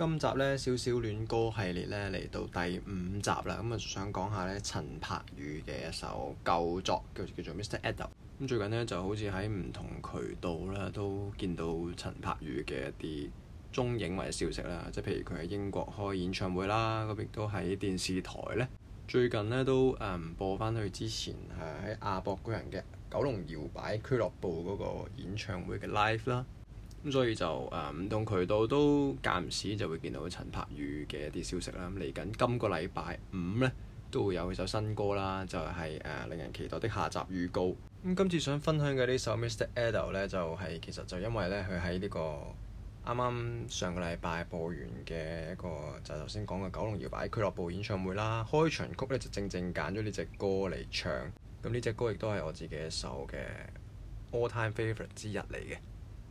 今集呢，小小戀歌系列呢，嚟到第五集啦，咁、嗯、啊想講下呢，陳柏宇嘅一首舊作叫叫做 Mr. Adult。咁最近呢，就好似喺唔同渠道呢都見到陳柏宇嘅一啲蹤影或者消息啦，即係譬如佢喺英國開演唱會啦，咁亦都喺電視台呢，最近呢，都誒、嗯、播翻佢之前係喺亞博舉行嘅九龍搖擺俱樂部嗰個演唱會嘅 live 啦。咁所以就誒唔同渠道都間唔時就會見到陳柏宇嘅一啲消息啦。咁嚟緊今個禮拜五呢，都會有佢首新歌啦，就係、是、誒、啊、令人期待的下集預告。咁、嗯、今次想分享嘅呢首 Mr. Adult 呢，就係、是、其實就因為呢，佢喺呢個啱啱上個禮拜播完嘅一個就頭先講嘅《九龍搖擺俱樂部》演唱會啦，開場曲呢，就正正揀咗呢隻歌嚟唱。咁呢隻歌亦都係我自己一首嘅 All Time Favorite 之一嚟嘅。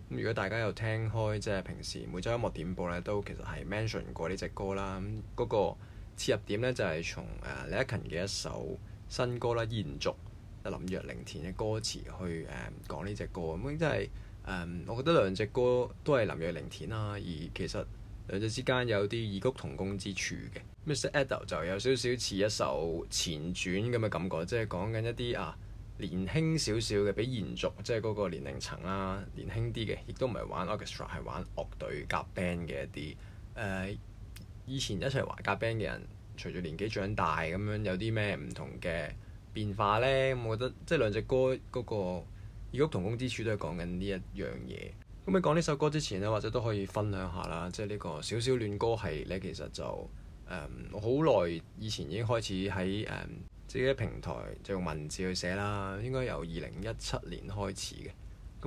如果大家有聽開，即係平時每週音樂點播咧，都其實係 mention 過呢隻歌啦。咁、那、嗰個切入點咧，就係、是、從誒、呃、李克勤嘅一首新歌啦，延續林若寧填嘅歌詞去誒、呃、講呢隻歌。咁、嗯、真係誒、呃，我覺得兩隻歌都係林若寧填啦，而其實兩隻之間有啲異曲同工之處嘅。Mr. Adult 就有少少似一首前傳咁嘅感覺，即係講緊一啲啊～年輕少少嘅，比延續即係嗰個年齡層啦，年輕啲嘅，亦都唔係玩 orchestra，係玩樂隊夾 band 嘅一啲。誒、呃，以前一齊玩夾 band 嘅人，隨住年紀長大咁樣有啲咩唔同嘅變化呢？我覺得即係兩隻歌嗰、嗰個異曲同工之處都係講緊呢一樣嘢。咁喺講呢首歌之前呢，或者都可以分享下啦，即係呢個小小戀歌係呢其實就誒，好、呃、耐以前已經開始喺自己嘅平台就用文字去寫啦，應該由二零一七年開始嘅。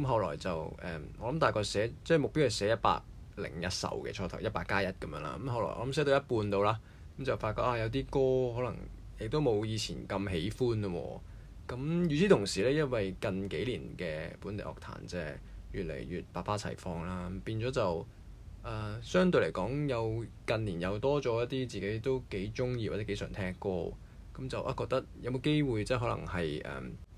咁後來就誒、嗯，我諗大概寫，即係目標係寫一百零一首嘅初頭，一百加一咁樣啦。咁後來我諗寫到一半到啦，咁就發覺啊，有啲歌可能亦都冇以前咁喜歡咯。咁與此同時呢，因為近幾年嘅本地樂壇即係越嚟越百花齊放啦，變咗就誒、呃，相對嚟講又近年又多咗一啲自己都幾中意或者幾常聽嘅歌。咁就啊覺得有冇機會，即係可能係誒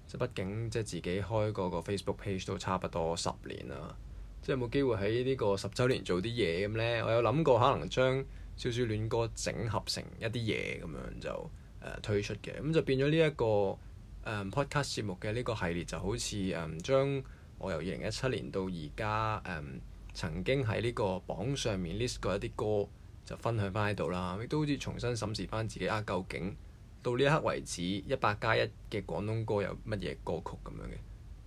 即係畢竟即係自己開個 Facebook page 都差不多十年啦，即係有冇機會喺呢個十週年做啲嘢咁呢？我有諗過，可能將《小小戀歌》整合成一啲嘢咁樣就、嗯、推出嘅。咁就變咗呢一個誒、嗯、Podcast 節目嘅呢個系列就好似誒、嗯、將我由二零一七年到而家誒曾經喺呢個榜上面 list 過一啲歌就分享翻喺度啦，亦都好似重新審視翻自己啊，究竟？到呢一刻為止，一百加一嘅廣東歌有乜嘢歌曲咁樣嘅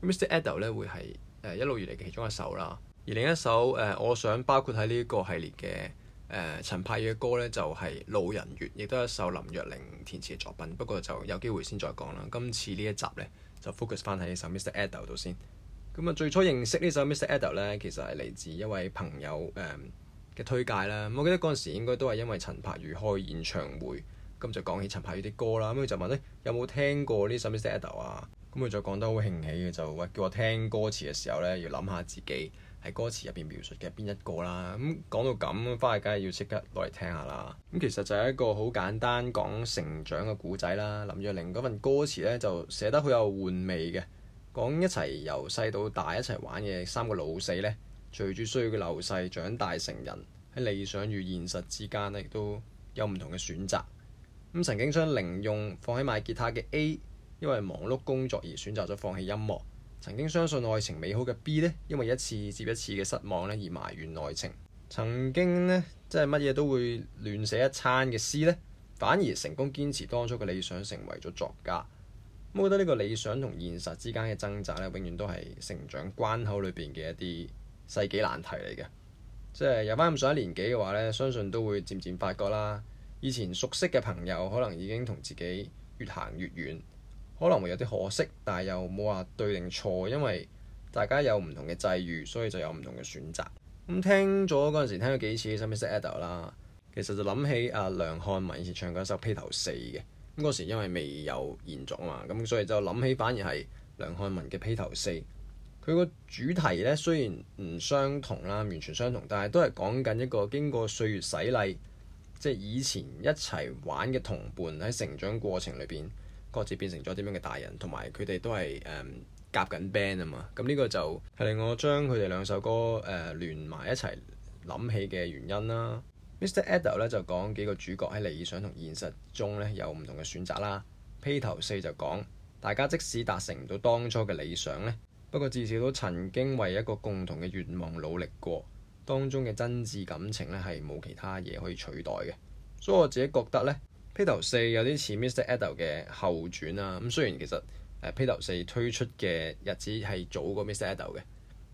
？Mr. Adult 呢會係誒一路以嚟其中一首啦。而另一首誒、呃，我想包括喺呢個系列嘅誒、呃、陳柏宇嘅歌呢，就係、是《老人月》，亦都係一首林若寧填詞嘅作品。不過就有機會先再講啦。今次呢一集呢，就 focus 翻喺呢首 Mr. Adult 度先。咁啊，最初認識呢首 Mr. Adult 呢，其實係嚟自一位朋友嘅、嗯、推介啦。我記得嗰陣時應該都係因為陳柏宇開演唱會。咁就講起陳柏宇啲歌啦，咁佢就問咧、欸、有冇聽過呢首咩 m e b o 啊？咁佢就講得好興起嘅，就話叫我聽歌詞嘅時候咧，要諗下自己喺歌詞入邊描述嘅邊一個啦。咁講到咁，返去梗係要即刻落嚟聽下啦。咁其實就係一個好簡單講成長嘅故仔啦。林若寧嗰份歌詞咧就寫得好有玩味嘅，講一齊由細到大一齊玩嘅三個老死咧，隨住需要嘅流逝、長大成人喺理想與現實之間咧，都有唔同嘅選擇。曾經將零用放喺買吉他嘅 A，因為忙碌工作而選擇咗放棄音樂。曾經相信愛情美好嘅 B 咧，因為一次接一次嘅失望咧而埋怨愛情。曾經呢，即係乜嘢都會亂寫一餐嘅 C 呢，反而成功堅持當初嘅理想成為咗作家。我覺得呢個理想同現實之間嘅掙扎咧，永遠都係成長關口裏邊嘅一啲世紀難題嚟嘅。即係有翻咁上下年紀嘅話呢，相信都會漸漸發覺啦。以前熟悉嘅朋友可能已經同自己越行越遠，可能會有啲可惜，但係又冇話對定錯，因為大家有唔同嘅際遇，所以就有唔同嘅選擇。咁聽咗嗰陣時，聽咗幾次，想唔想聽 Mr. Adult 啦？其實就諗起阿、啊、梁漢文以前唱過一首4《披頭四》嘅，咁嗰時因為未有現狀啊嘛，咁所以就諗起反而係梁漢文嘅《披頭四》。佢個主題呢，雖然唔相同啦，完全相同，但係都係講緊一個經過歲月洗禮。即係以前一齊玩嘅同伴喺成長過程裏邊，各自變成咗點樣嘅大人，同埋佢哋都係誒、嗯、夾緊 band 啊嘛。咁呢個就係令我將佢哋兩首歌誒連埋一齊諗起嘅原因啦。Mr. Adult 咧就講幾個主角喺理想同現實中咧有唔同嘅選擇啦。披頭四就講大家即使達成唔到當初嘅理想呢，不過至少都曾經為一個共同嘅願望努力過。當中嘅真摯感情咧係冇其他嘢可以取代嘅，所以我自己覺得咧，《披頭四》有啲似 Mr. Adult 嘅後傳啊。咁雖然其實《披頭四》推出嘅日子係早過 Mr. Adult 嘅，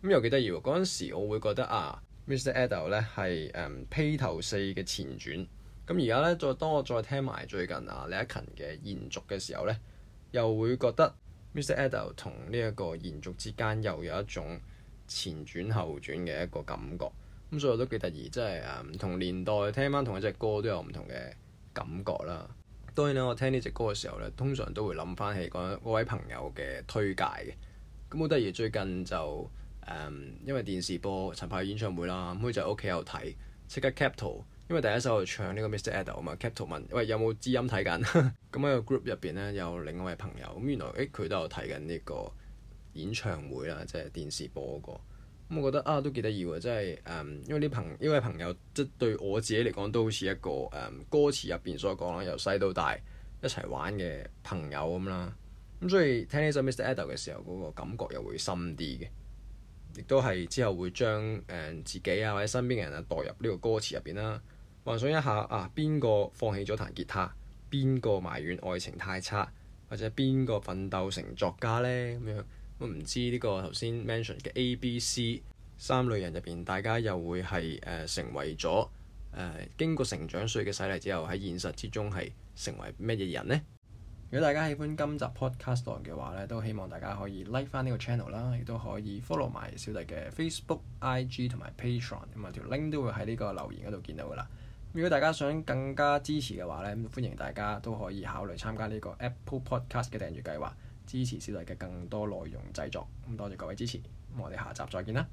咁又幾得意喎。嗰陣時我會覺得啊，《Mr. Adult 咧，係誒《披頭四》嘅前傳。咁而家呢，再當我再聽埋最近啊李克勤嘅延續嘅時候呢，又會覺得 Mr. Adult 同呢一個延續之間又有一種前傳後傳嘅一個感覺。咁所以我都幾得意，即係誒唔同年代聽翻同一隻歌都有唔同嘅感覺啦。當然啦，我聽呢隻歌嘅時候咧，通常都會諗翻起嗰位朋友嘅推介嘅。咁好得意，最近就誒、嗯、因為電視播陳柏宇演唱會啦，咁佢就屋企有睇，即刻 cap 圖，因為第一首佢唱呢個 Mr. Adult 啊嘛，cap 圖問喂，有冇知音睇緊？咁 喺個 group 入邊咧有另外一位朋友，咁原來誒佢、欸、都有睇緊呢個演唱會啦，即係電視播嗰、那個。咁、嗯、我覺得啊，都幾得意喎！即係誒、嗯，因為啲朋，呢位朋友即係對我自己嚟講，都好似一個誒、嗯、歌詞入邊所講啦，由細到大一齊玩嘅朋友咁啦。咁、嗯、所以聽呢首 Mr. Adult 嘅時候，嗰、那個感覺又會深啲嘅，亦都係之後會將誒、嗯、自己啊或者身邊嘅人啊代入呢個歌詞入邊啦。幻想一下啊，邊個放棄咗彈吉他？邊個埋怨愛情太差？或者邊個奮鬥成作家呢？咁樣。都唔知呢個頭先 mention 嘅 A、B、C 三類人入邊，大家又會係誒、呃、成為咗誒、呃、經過成長歲嘅洗禮之後，喺現實之中係成為乜嘢人呢？如果大家喜歡今集 podcast 嘅話咧，都希望大家可以 like 翻呢個 channel 啦，亦都可以 follow 埋小弟嘅 Facebook、IG 同埋 Patreon，咁啊條 link 都會喺呢個留言嗰度見到噶啦。如果大家想更加支持嘅話咧，咁歡迎大家都可以考慮參加呢個 Apple Podcast 嘅訂閱計劃。支持小弟嘅更多內容製作，咁多謝各位支持，咁我哋下集再見啦。